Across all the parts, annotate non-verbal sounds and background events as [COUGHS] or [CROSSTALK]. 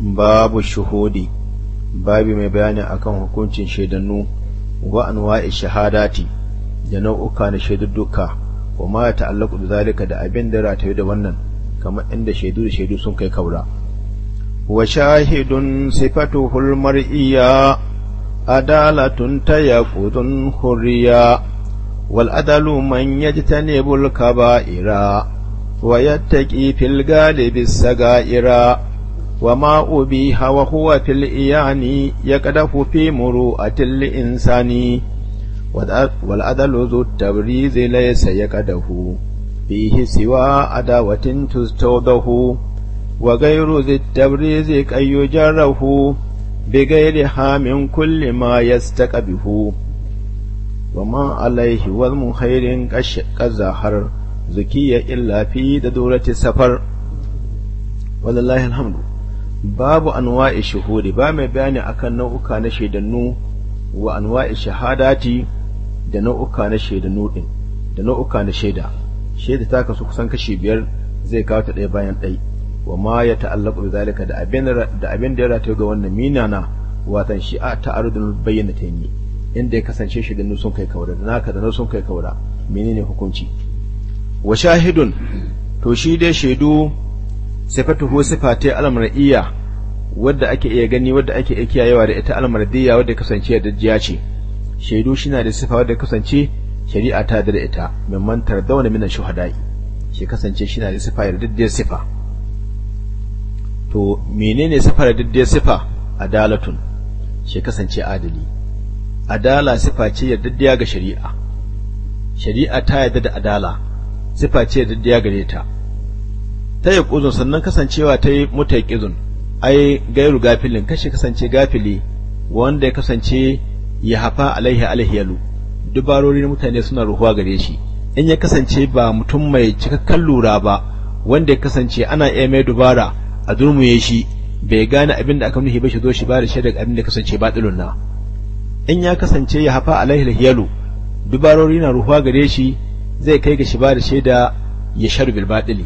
babu shuhudi babi mai bayani akan hukuncin shaidannu wa anwa'i shahadati da nau'uka na shaidudduka wa ma ya ta'allaku da zalika da abin da rataye da wannan kamar inda shaidu da shaidu sun kai kaura wa shahidun sifatuhul mar'iyya adalatun tayaqudun hurriya wal adalu man yajtanibul kaba'ira wa yattaqi fil galibi sagaira وما أبيها وهو في الإيان يقدح في مروءة الإنسان والأذل ذو التبريز ليس يقدح فيه سوى عداوة تستوضه وغير ذي التبريز كي يجره بغيرها من كل ما يستقبه وما عليه وذم خير كالزهر زكية إلا في دورة سفر ولله الحمد babu anwa'i shuhudi ba mai bayani akan nau'uka na shaidannu wa anwa'i shahadati da nau'uka na shaidannu din da nau'uka na shaida shaida ta kasu kusan kashi biyar zai kawo ta ɗaya bayan ɗai wa ma ya ta'allaqu bi zalika da abin da abin da ya rataye ga wannan minana watan shi a ta'arudul bayyana ta yi inda ya kasance shaidannu sun kai kaura da naka da na sun kai kaura menene hukunci wa shahidun to shi dai shaidu sifatuhu sifati al-mar'iyya wadda ake iya gani wadda ake iya kiyayewa da ita al-mardiyya wadda kasance da jiya ce shaidu shina da sifa wadda kasance shari'a ta da ita min mantar da wani minan shuhada'i shi kasance shina da sifa yardaddiyar sifa to menene sifa yardaddiyar sifa adalatun shi kasance adali adala sifa ce yardaddiya ga shari'a shari'a ta yarda da adala sifa ce yardaddiya gare ta ta yi ƙuzun sannan kasancewa ta yi muta ƙizun ai gairu gafilin kashe kasance gafili wanda ya kasance ya hafa alaihi alhiyalu dubarori na mutane suna ruhuwa gare shi in ya kasance ba mutum mai cikakken lura ba wanda ya kasance ana iya mai dubara a durmuye shi bai gane abin da aka nuhi ba shi zo shi ba da shaidar abin da kasance batilun na in ya kasance ya hafa alaihi alhiyalu dubarori na ruhuwa gare shi zai kai ga shi ba da shaida ya sharbil batili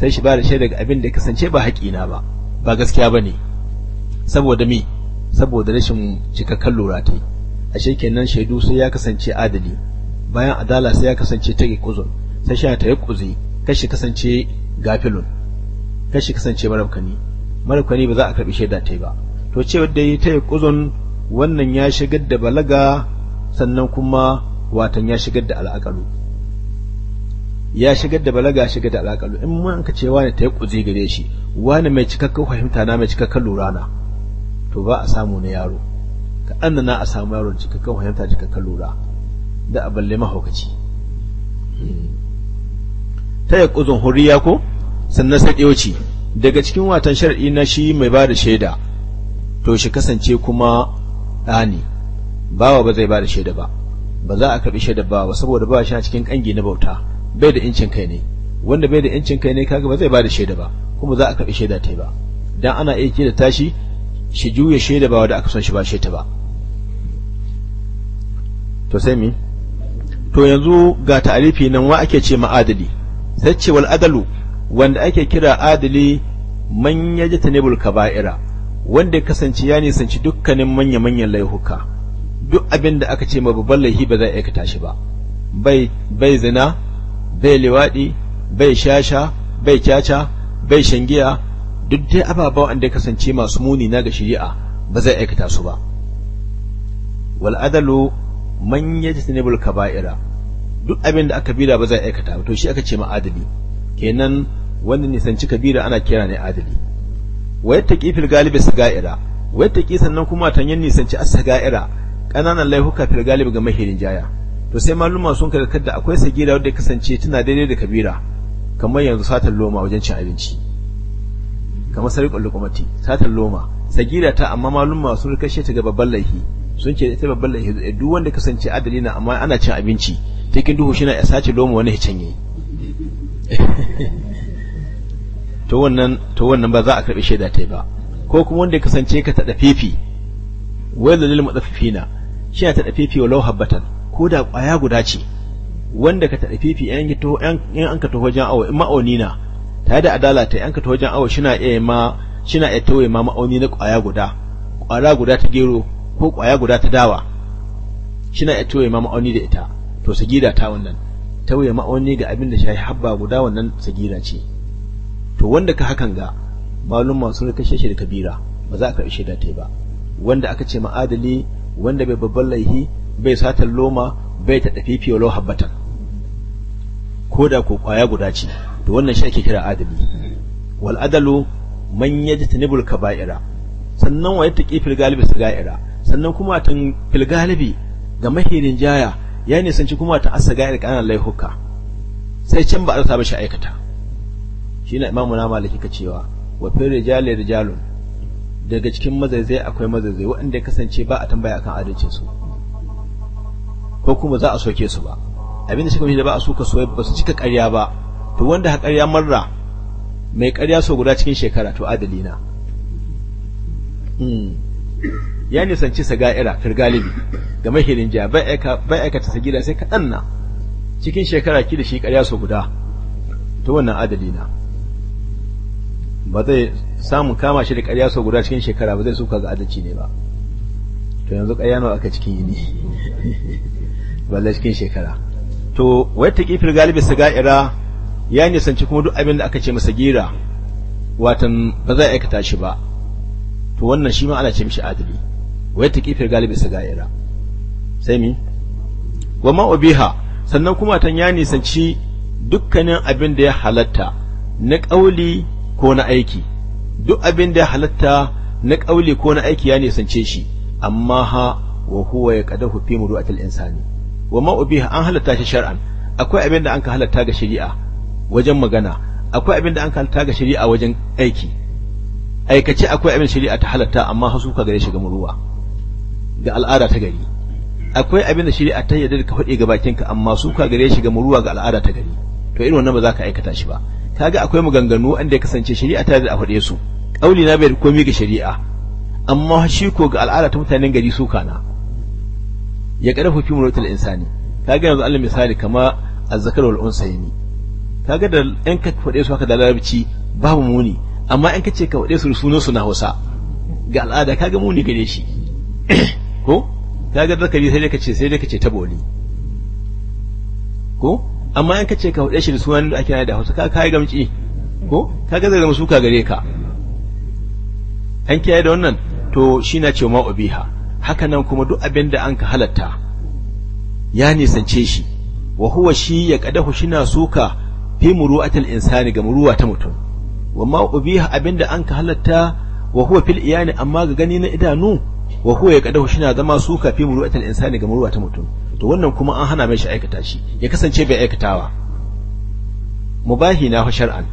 sai shi ba da shaidar abin da kasance ba haƙina ba ba gaskiya ba ne saboda mi saboda rashin cikakken lura ta ashe kenan shaidu sai ya kasance adali bayan adala sai ya kasance ta yi kuzun sai shi ta kuzi kashi kasance gafilun kashi kasance marabkani marabkani ba za a karɓi shaida ta ba to cewa yi ta kuzun wannan ya shigar da balaga sannan kuma watan ya shigar da al'akaru ya shigar da balaga ya shigar da alaƙalu in mun ka ce wani ta yi kuzi gare shi wani mai cikakken fahimta na mai cikakken lura na to ba a samu na yaro kaɗan na a samu yaro cikakken fahimta cikakken lura da a balle mahaukaci ta yi kuzin huriya ko sannan sai ɗauci daga cikin watan sharaɗi na shi mai ba da shaida to shi kasance kuma ɗani bawa ba zai ba da shaida ba ba za a karɓi shaida ba saboda ba shi a cikin ƙangi na bauta bai da incin kai ne wanda bai da incin kai ne kaga ba zai bada da shaida ba kuma za a karbi shaida ta ba dan ana iya da tashi shi juya shaida ba wanda aka san shi ba shaida ba to sai mi to yanzu ga ta'arifi nan wa ake ce ma'adili sai ce wal adalu wanda ake kira adali man tanibul kaba'ira wanda kasance ya nisanci dukkanin manya-manyan laihuka duk abin da aka ce ma babban laihi ba za a aikata shi ba bai zina bai liwaɗi bai shasha bai caca bai shangiya duk dai ababen wanda kasance masu muni na ga shari'a ba zai aikata su ba wal adalu man yajtanibul kaba'ira duk abin da aka bira ba zai aikata to shi aka ce ma adali kenan wanda nisanci kabira ana kira ne adali wa yattaqi fil galibi sagaira wa yattaqi sannan kuma tanyan nisanci as-sagaira kananan laihuka fil galibi ga mahirin jaya to sai maluma sun karkar da akwai sagira ya kasance tana daidai da kabira kamar yanzu satar loma wajen cin abinci kamar sarƙon lukumati satar loma sagira ta amma maluma sun kashe ta ga babban laifi sun ce ita babban laifi duk wanda kasance adali na amma ana cin abinci cikin duhu shi na ya sace loma wani ya canye [LAUGHS] to wannan to wannan ba za a karbi shaida ta ba ko kuma wanda kasance ka tada fifi wai dalilin mutaffifina shi ya tada fifi walau habbatan ko da ƙwaya guda ce wanda ka taɗa fifi yan an ka taho wajen awo in ma'auni na tare da adala ta yan ka taho wajen awo shina iya ma shina iya tawaye ma ma'auni na ƙwaya guda ƙwara guda ta gero ko ƙwaya guda ta dawa shina iya tawaye ma ma'auni da ita to gida ta wannan tawaye ma'auni ga abin da shayi habba guda wannan gida ce to wanda ka hakan ga malum masu kashe shi da kabira ba za a karɓi shaida ta ba wanda aka ce ma'adali wanda bai babban laihi bai satar loma bai ta tafi fiye lo habbatan ko da ko kwaya guda ce to wannan shi ake kira adali wal adalu man yajtanibul kaba'ira sannan wa yattaqi fil galibi sagaira sannan kuma tan fil galibi ga mahirin jaya ya ci kuma ta asagair kana laihuka sai can ba a ba shi aikata shine imamu na maliki ka cewa wa fil rijali rijalun daga cikin mazaizai akwai mazaizai waɗanda ya kasance ba a tambaya akan adalcin su ko kuma za a soke su ba abinda suka da ba a suka soye ba su cika ƙarya ba to wanda ha ƙarya marra mai ƙarya so guda cikin shekara to adali na hmm. ya nisanci saga'ira fil galibi ga mahirin jiya bai aika ta gida sai kaɗan na cikin shekara ki da shi ƙarya so guda to wannan adali na ba zai samu kama shi da ƙarya so guda cikin shekara ba zai suka ga adalci ne ba to yanzu ƙarya nawa aka cikin yini [LAUGHS] balle cikin shekara to wai ta kifir galibi ira ya nisanci kuma duk abin da aka ce masa gira watan ba za a aikata shi ba to wannan shi ma ana ce mishi adali wai ta kifir galibi sagaira sai mi wa ma ubiha sannan kuma tan ya nisanci dukkanin abin da ya halatta na ƙauli ko na aiki duk abin da ya halatta na ƙauli ko na aiki ya nisance shi amma ha wa huwa ya kadahu fi muru'atil insani wa ma ubi an halatta shi shar'an akwai abin da an ka halatta ga shari'a wajen magana akwai abin da an ka halatta ga shari'a wajen aiki aikace akwai abin shari'a ta halatta amma hasu ka gare shi ga muruwa ga al'ada ta gari akwai abin da shari'a ta yarda ka faɗi ga bakinka amma su ka gare shi ga muruwa ga al'ada ta gari to irin wannan ba za ka aikata shi ba kaga akwai maganganu wanda ya kasance shari'a ta yarda a faɗe su kauli na bai komi ga shari'a amma shi ko ga al'ada ta mutanen gari su kana ya ƙarfa fi muratul insani kaga yanzu Allah misali kama azzakar wal unsayni ga da ɗan ka faɗe su haka da larabci babu muni amma in ka ce ka faɗe su sunan su na Hausa ga al'ada ka ga muni gare shi [COUGHS] ko kaga zakari sai dai ka ce sai dai ka ce taboli ko amma in ka ce ka faɗe shi da sunan da ake da Hausa ka kai gamci ko kaga zai zama suka gare ka an kiyaye da wannan to shi na cewa ma ubiha haka nan kuma duk abin da an ka halatta ya nisance shi wa huwa shi ya kadahu shina suka fi muru'atil insani ga muruwa ta mutum wa ma ubiha abin da an ka halatta wa huwa fil iyani amma ga gani na idanu wa huwa ya kadahu shina zama suka fi muru'atil insani ga muruwa ta mutum to wannan kuma an hana mai shi aikata shi ya kasance bai aikatawa mubahi na shar'an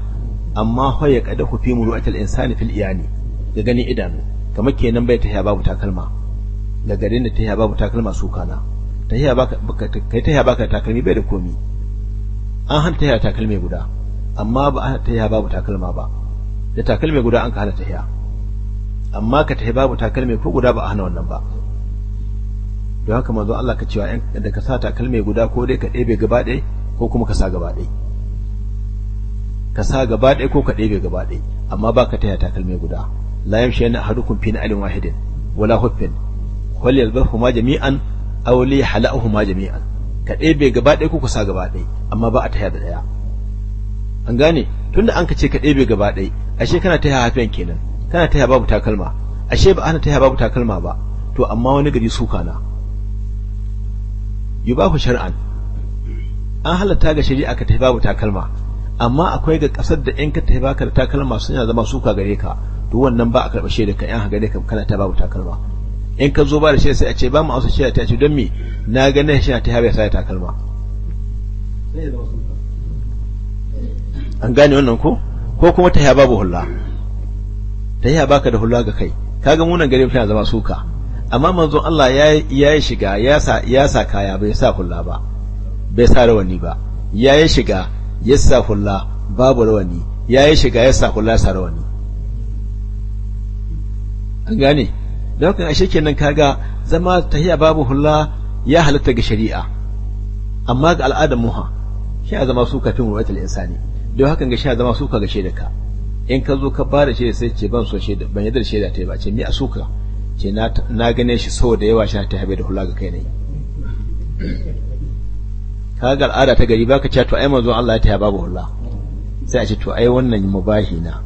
amma ho ya kadahu fi muru'atil insani fil iyani ga gani idanu kamar kenan bai ta babu takalma ga garin da tahiya babu takalma su kana tahiya baka kai tahiya baka takalmi bai da komi an han tahiya takalmi guda amma ba an tahiya babu takalma ba da takalmi guda an ka hana tahiya amma ka tahiya babu takalmi ko guda ba a hana wannan ba don haka manzo Allah ka cewa da ka sa takalmi guda ko dai ka ɗebe gaba ɗaya ko kuma ka sa gaba ɗaya ka sa gaba ɗaya ko ka ɗebe gaba ɗaya amma ba ka taya takalmi guda la yamshi yana ahadukum fi alin wahidin wala hufin wal yalbahuma jami'an aw li halahuma jami'an ka ɗebe gaba ɗaya ko ku sa gaba ɗaya amma ba a taya da ɗaya an gane tunda an ka ce ka ɗebe gaba ɗaya ashe kana taya hafiyan kenan kana taya babu takalma ashe ba ana taya babu takalma ba to amma wani gari suka na yubahu shar'an an halatta ga shari'a ka taya babu takalma amma akwai ga kasar da in ka tafi baka da takalma suna zama suka gare ka to wannan ba a karɓa shaida ka yan ha gare ka kana ta babu takalma in ka zo ba da shaida sai a ce ba mu amsa shi ta ce don me na ga shi shaida ta haɓe sai takalma an gane wannan ko ko kuma ta yaba babu hulla ta yi baka da hulla ga kai kaga munan gari na zama suka amma manzon Allah ya ya shiga ya sa ya sa kaya bai sa hulla ba bai sa rawani ba ya yi shiga ya sa hulla babu rawani ya yi shiga ya sa hulla sa rawani an gane da haka ashe kenan kaga zama tahiya babu hulla ya halatta ga shari'a amma ga al'adar muha shi a zama suka fin ruwatul insani don hakan ga shi a zama suka ga shaidaka in ka zo ka fara shaida sai ce ban so shaida ban yadda shaida ta yi ba ce mi a suka ce na gane shi sau da yawa shi ta habe da hula ga kai ne ka ga al'ada ta gari baka ce to ai manzo Allah ya ta babu hula sai a ce to ai wannan mubahi na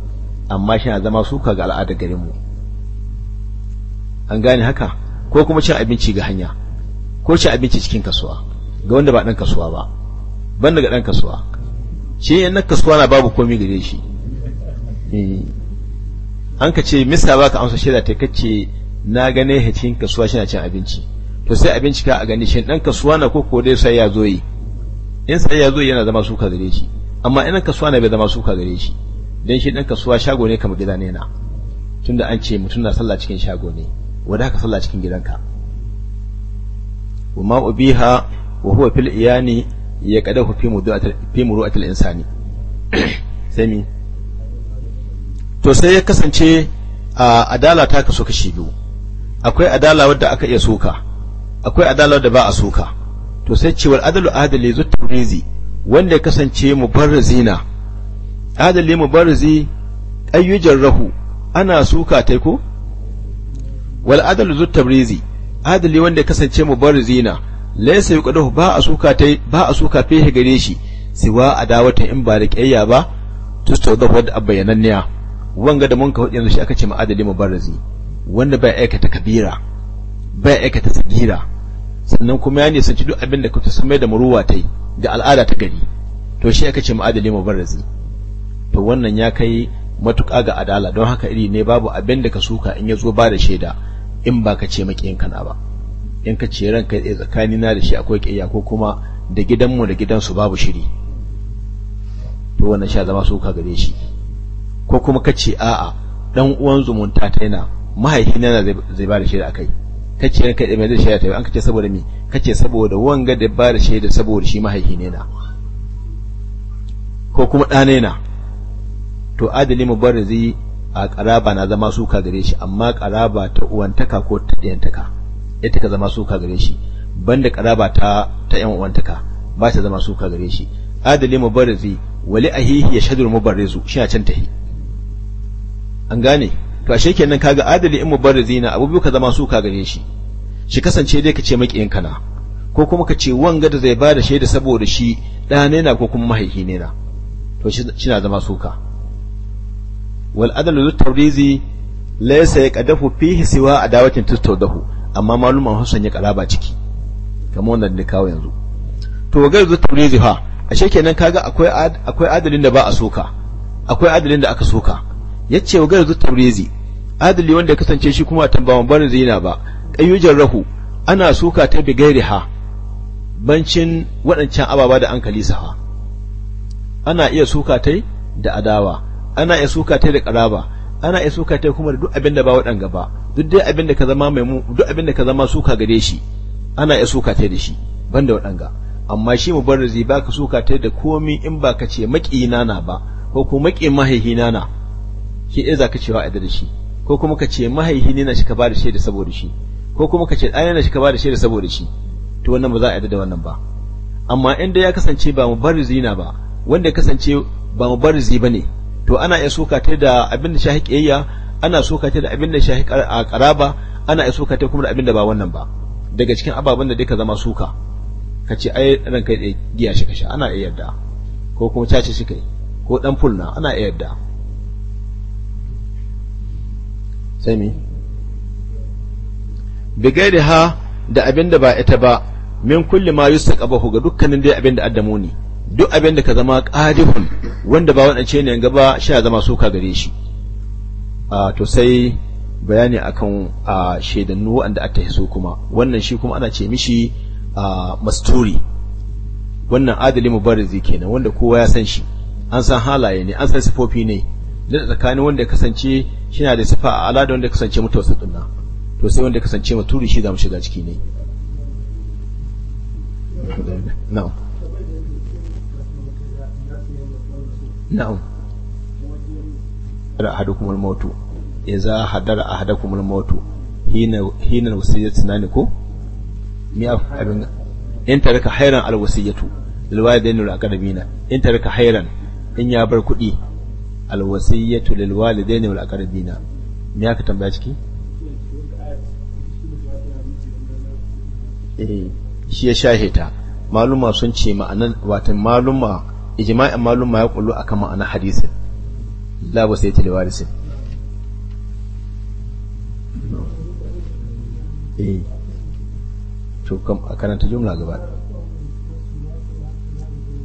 amma shi na zama suka ga al'ada garin mu an gane haka ko kuma cin abinci ga hanya ko cin abinci cikin kasuwa ga wanda ba ɗan kasuwa ba ban daga ɗan kasuwa shi yan na kasuwa na babu komai gare shi eh. an ka ce misa ba ka amsa shaida ta kace na gane ya cikin kasuwa shi na cin abinci to sai abinci ka a gani shi ɗan kasuwa na ko ko dai sai ya zo yi in sai ya zo yana zama suka gare shi amma in kasuwa na bai zama suka gare shi dan shi ɗan kasuwa shago ne kamar gida ne na tunda an ce mutum na sallah cikin shago ne wanda haka sallah cikin gidanka wa ma ubiha wa huwa fil iyani ya ku fi mudu'atil fi muru'atil insani [COUGHS] sai mi to sai ya kasance a adala ta kaso kashi biyu akwai adala wadda aka iya suka akwai adala wadda ba a suka to sai cewar adalu adali zutturizi wanda ya kasance mubarrazina adali mubarrazi ayyujan rahu ana suka ta ko wal adalu zu tabrizi adali wanda ya kasance mubarizina laysa yuqadahu ba a suka tai ba a suka fehe gare shi siwa adawata in ba da kiyayya ba tustawdahu wadda abayananniya wanga da mun ka yanzu shi aka ce mubarizi wanda bai aikata kabira bai aikata sagira sannan kuma ya nisanci duk abin da kuka samai da muruwa tai da al'ada ta gari to shi aka ce ma adali mubarizi to wannan ya kai matuƙa ga adala don haka iri ne babu abin da ka suka in ya zo ba da shaida in ba ka ce maƙiyinka na ba in ka ce ranka tsakani tsakanina da shi akwai ƙiyya ko kuma da gidanmu da gidansu babu shiri to wannan sha zama suka gare shi ko kuma ka ce a'a dan uwan zumunta ta yana mahaifina na zai ba da da akai ka ce ranka tsaye mai zai shaida ta an ka ce saboda me ka ce saboda wanga da ba da da saboda shi mahaifina na ko kuma ɗana na to adali mubarrazi a karaba na zama suka gare shi amma karaba ta uwantaka ko ta ɗayantaka ita ka zama suka gare shi banda karaba ta ta ƴan uwantaka ba ta zama suka gare shi adali mubarrizi wali ahihi ya shadur mubarrizu shi a can tahi an gane to ashe kenan kaga adali in mubarrizi na abubuwa ka zama suka gare shi shi kasance dai ka ce maƙiyin kana ko kuma ka ce wanga da zai ba da shaida saboda shi ɗa ne na ko kuma mahaihi ne na to shi na zama suka wal adalu tabrizi laysa yaqdahu fihi siwa adawatin tustawdahu amma maluman Hassan ya karaba ciki kamar wannan da kawo yanzu to ga zu tabrizi ha ashe kenan kaga akwai akwai adalin da ba a soka akwai adalin da aka soka yace wa ga zu tabrizi adali wanda ya kasance shi kuma tambawan barin zina ba qayyujar rahu ana soka ta bi ha bancin waɗancan ababa da an kalisa ha ana iya soka tai da adawa ana iya suka ta da karaba ana iya suka ta kuma da duk abin da ba wadan gaba duk dai abin da ka zama mai mu duk abin da ka zama suka gare shi ana iya suka ta da shi banda wadan ga amma shi mu bar ba ka suka ta da komi in ba ka ce maƙina na ba ko ko maƙin mahaihina na shi ɗaya za ka cewa a da shi ko kuma ka ce mahaihini na shi ka ba da shi da saboda shi ko kuma ka ce ɗaya na shi ka ba da shi da saboda shi to wannan ba za a yarda da wannan ba amma inda ya kasance ba mu bar na ba wanda kasance ba mu bar ba bane to ana iya soka ta da abin da shahi kiyayya ana soka ta da abin da shahi karaba ana iya soka ta kuma da abin da ba wannan ba daga cikin ababen da dai ka zama suka ka ce ai ran kai giya shi kasha ana iya yarda ko kuma caci shi kai ko dan fulna ana iya yarda sai me bigaida ha da abin da ba ita ba min kulli ma yustaqabahu ga dukkanin dai abin da addamu ne duk abin da ka zama qadihun wanda ba waɗance ne gaba shi ya zama soka gare shi a to sai bayani akan a shaidannu wanda aka so kuma wannan shi kuma ana ce mishi a masturi wannan adali mubarizi kenan wanda kowa ya san shi an san halaye ne an san sifofi ne da tsakanin wanda ya kasance shi na da sifa a ala da wanda ya kasance mutuwarsa dinna to sai wanda ya kasance maturi shi za mu shiga ciki ne na'am na'am ahadukum al idza hadara ahadukum al hina hina nani ko mi abin in taraka hayran al lil walidayni wal aqrabina in taraka hayran in ya bar kuɗi al wasiyatu lil walidayni wal aqrabina me aka ijma'in malum ma ya kullu a akan ma'ana hadisin labu sai sai tilwarisin eh to kam karanta jumla gaba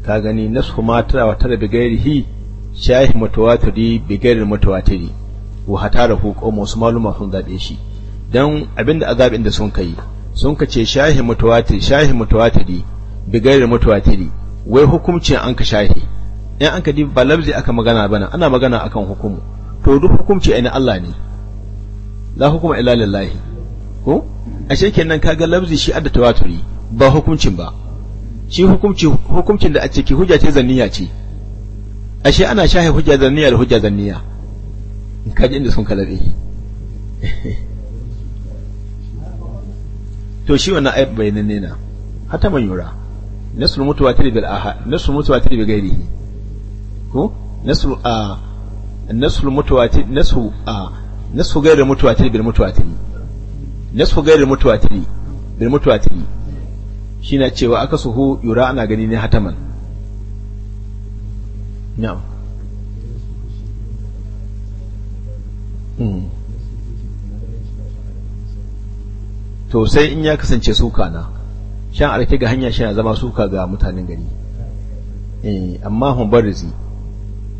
ta gani nasu ma tara wa tara bigayar bigairihi shahi mutawatiri bigairin mutawatiri wa hatara ku qawmu wasu maluma sun zaɓe shi dan abinda azabin da sun kai sun kace shahi mutawatir shahi mutawatiri bigairin mutawatiri wai hukumcin an ka shahi in an ka ba labzi aka magana bana ana magana akan hukumu to duk hukumci ai na Allah ne la hukuma illa lillahi ko ashe kenan kaga labzi shi adda tawaturi ba hukumcin ba shi hukumci hukumcin da a ciki hujja ce zanniya ce ashe ana shahi hujja zanniya da hujja zanniya kaji inda sun kalabe [LAUGHS] to shi wannan ayat bayanan ne na hata man yura nasul mutawatir bil ahad nasul mutawatir bi gairi. ko nasul a nasul mutawatir nasu a nasu ghairul mutawatir bil mutawatir nasu mutuwa mutawatir bil mutawatir shine cewa aka suhu yura ana gani ne hataman na'am hmm. to sai in ya kasance suka na shan arke ga hanya shi na zama suka ga mutanen gari eh amma barizi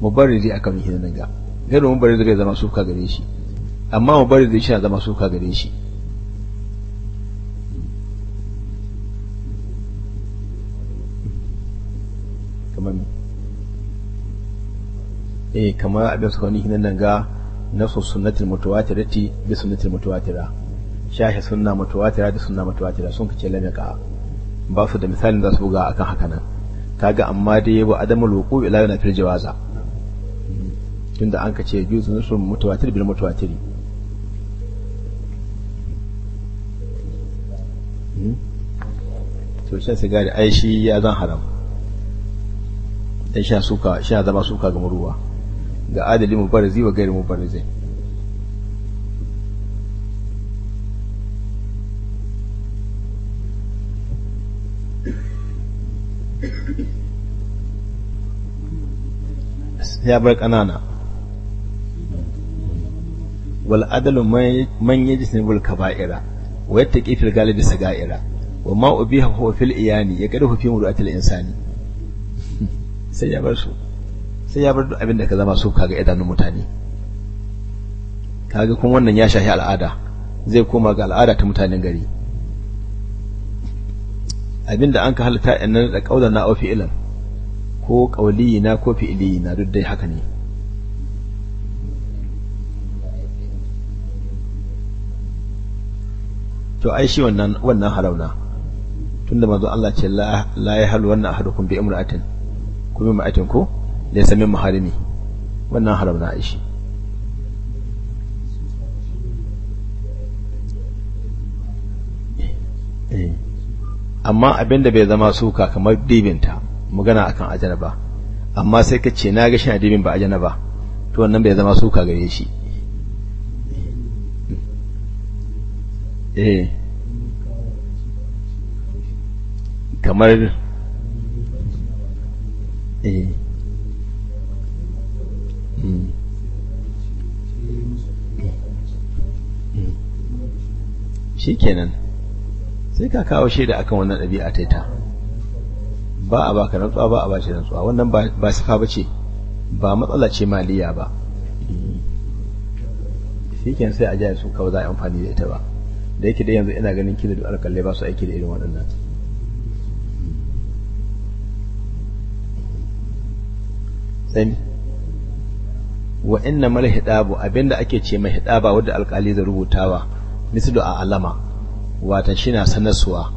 mubarrizi aka nuhi nan ga gano barizi zai zama suka gare shi amma barizi shi na zama suka gare shi kamar eh kamar abin suka nuhi nan ga nasu sunnatul mutawatirati bi sunnatul suna shahi sunna mutawatira da sunna mutawatira sun kace lamaka ba su da misalin za su buga a kan haka nan kaga amma dai yabo adamu wuqu ila yana fil jawaza tunda an ka ce juzu nusul mutawatir bil mutawatir hmm? to shan sigari ai shi ya zan haram dan sha suka sha zama suka ga ruwa ga adali mubarazi wa gairi mubarazi ya bar ƙanana wal adalu man yajsinul kaba'ira wa yattaqi fil galibi sagaira wa ma ubiha huwa fil iyani ya kadu fi mur'atil insani [LAUGHS] sai ya bar su sai ya bar duk abin da ka zama su kaga idanun mutane kaga kuma wannan ya shahi al'ada zai koma ga al'ada ta mutanen gari abinda an ka halitta inna da qaulan na au fi'lan ko na, ko na duk dai haka ne to ai shi wannan wannan harauna tunda manzo Allah ce la la ya halu wannan ahadukum bi imra'atin ku bi ma'atin ku laysa min maharimi wannan harauna ai shi eh. amma abinda bai zama suka kamar dibinta magana akan ajanaba amma sai ka ce na ga shi na ajana ba ajanaba to wannan bai zama suka gare shi eh kamar eh hmm. Hmm. shi kenan sai ka kawo shaida akan wannan ɗabi'a ta ba a baka rantsuwa ba a bashi rantsuwa wannan ba sifa ba ce ba matsala ce maliya ba shiken sai a jaya su kawai za a amfani da ita ba da yake da yanzu ina ganin kila da alƙalle ba su aiki da irin waɗannan sani wa inna mal hidabu abinda ake ce mai hidaba wadda alƙali zai rubutawa mislu a alama wata shi na sanarsuwa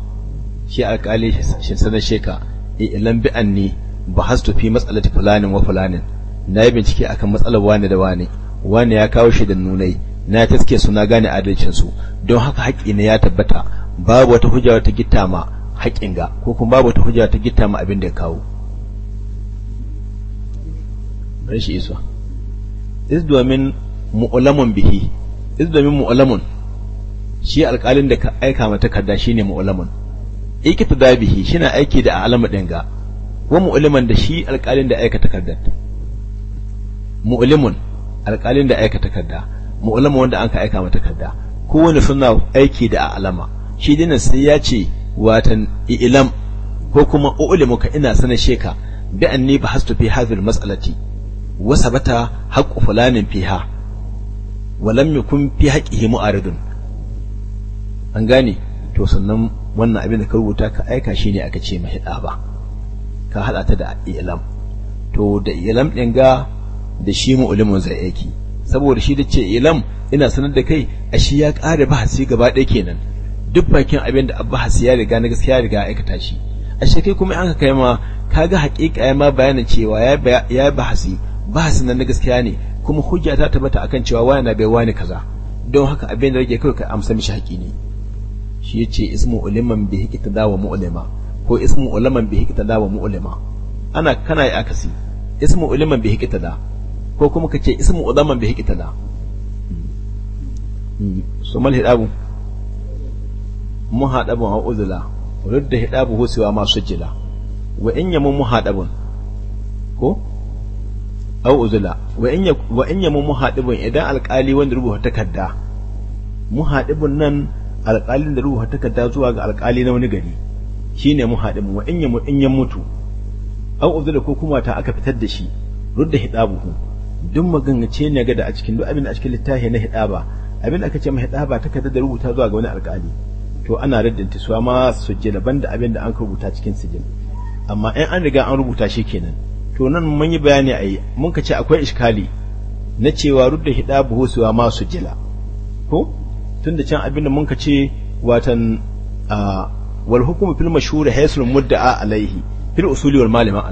shi alƙali shi sanar sheka ilan bi anni hasu fi mas'alati fulanin wa fulanin na yi bincike akan matsalar wani da wani wani ya kawo shi da nunai na taske su na gane adalcin su don haka haƙƙi ne ya tabbata babu wata hujja ta gitta ma haƙƙin ga ko kuma babu wata hujja ta gitta ma abin da ya kawo bari shi isa is domin mu'lamun bihi is domin mu'lamun shi alƙalin da ka aika mata takarda shine mu'lamun ikita bihi shina aiki da alama din ga wa mu'liman da shi alƙalin da aika takardar mu'limun alƙalin da aika takarda mu'lima wanda an ka aika mata takarda kowane suna aiki da alama shi dinan sai ya ce watan ilam ko kuma u'limuka ina sanar sheka bi anni hastu fi hadhihi mas'alati wa sabata haqqu fulanin fiha wa lam yakun fi haqqihi mu'aridun an gane to sannan wannan abin da ka rubuta ka aika shi ne aka ce mahiɗa ba ka haɗa ta da ilam to da ilam ɗin ga da shi mu'ulimin zai aiki saboda shi da ce ilam ina sanar da kai a shi ya ƙare bahasi gaba ɗaya kenan duk bakin abin da bahasi ya riga na gaskiya riga aikata shi a shi kai kuma an ka kai ma kaga haƙiƙa ya ma bayana cewa ya bahasi bahasin nan na gaskiya ne kuma hujja ta tabbata akan cewa wani na bai wani kaza don haka abin da rage kawai ka amsa mishi haƙi ne shi yace ismu uliman bi iktada wa mu'lima ko ismu uliman bi iktada wa mu'lima ana kana yi akasi ismu uliman bi da ko kuma kace ismu udaman bi da hmm, so mal hidabu muhadabun wa uzla rudda hidabu husiwa ma sujila wa in yamu muhadabun ko au uzula wa in yamu muhadibun idan alƙali wanda rubuta takarda muhadibun nan alƙalin da ruhu takarda zuwa ga alƙali na wani gari shine haɗin mu in mu in mutu an uzula ko kuma ta aka fitar da shi rudda hidabuhu duk magangace ne ga da a cikin duk abin a cikin littafi na hidaba abin da aka ce mu hidaba takarda da rubuta zuwa ga wani alƙali to ana raddanta su ma sujjada banda abin da an rubuta cikin sijin amma in an riga an rubuta shi kenan to nan mun yi bayani a yi mun ka ce akwai iskali na cewa rudda hidabuhu su ma jila ko tunda can abin da mun ka ce watan wal hukumu fil mashhur haysul mudda'a alaihi fil usuli wal malima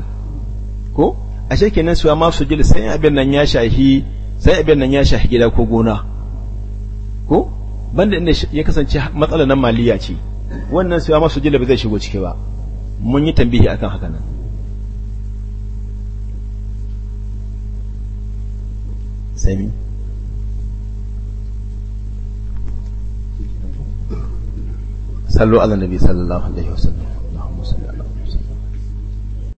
ko ashe kenan su ma su jil sai abin nan ya shahi sai abin nan ya shahi gida ko gona ko banda inda ya kasance matsalar nan maliya ce wannan su ma su jil ba zai shigo ciki ba mun yi tambihi akan haka nan sai sallu ala nabi sallallahu alaihi wasallam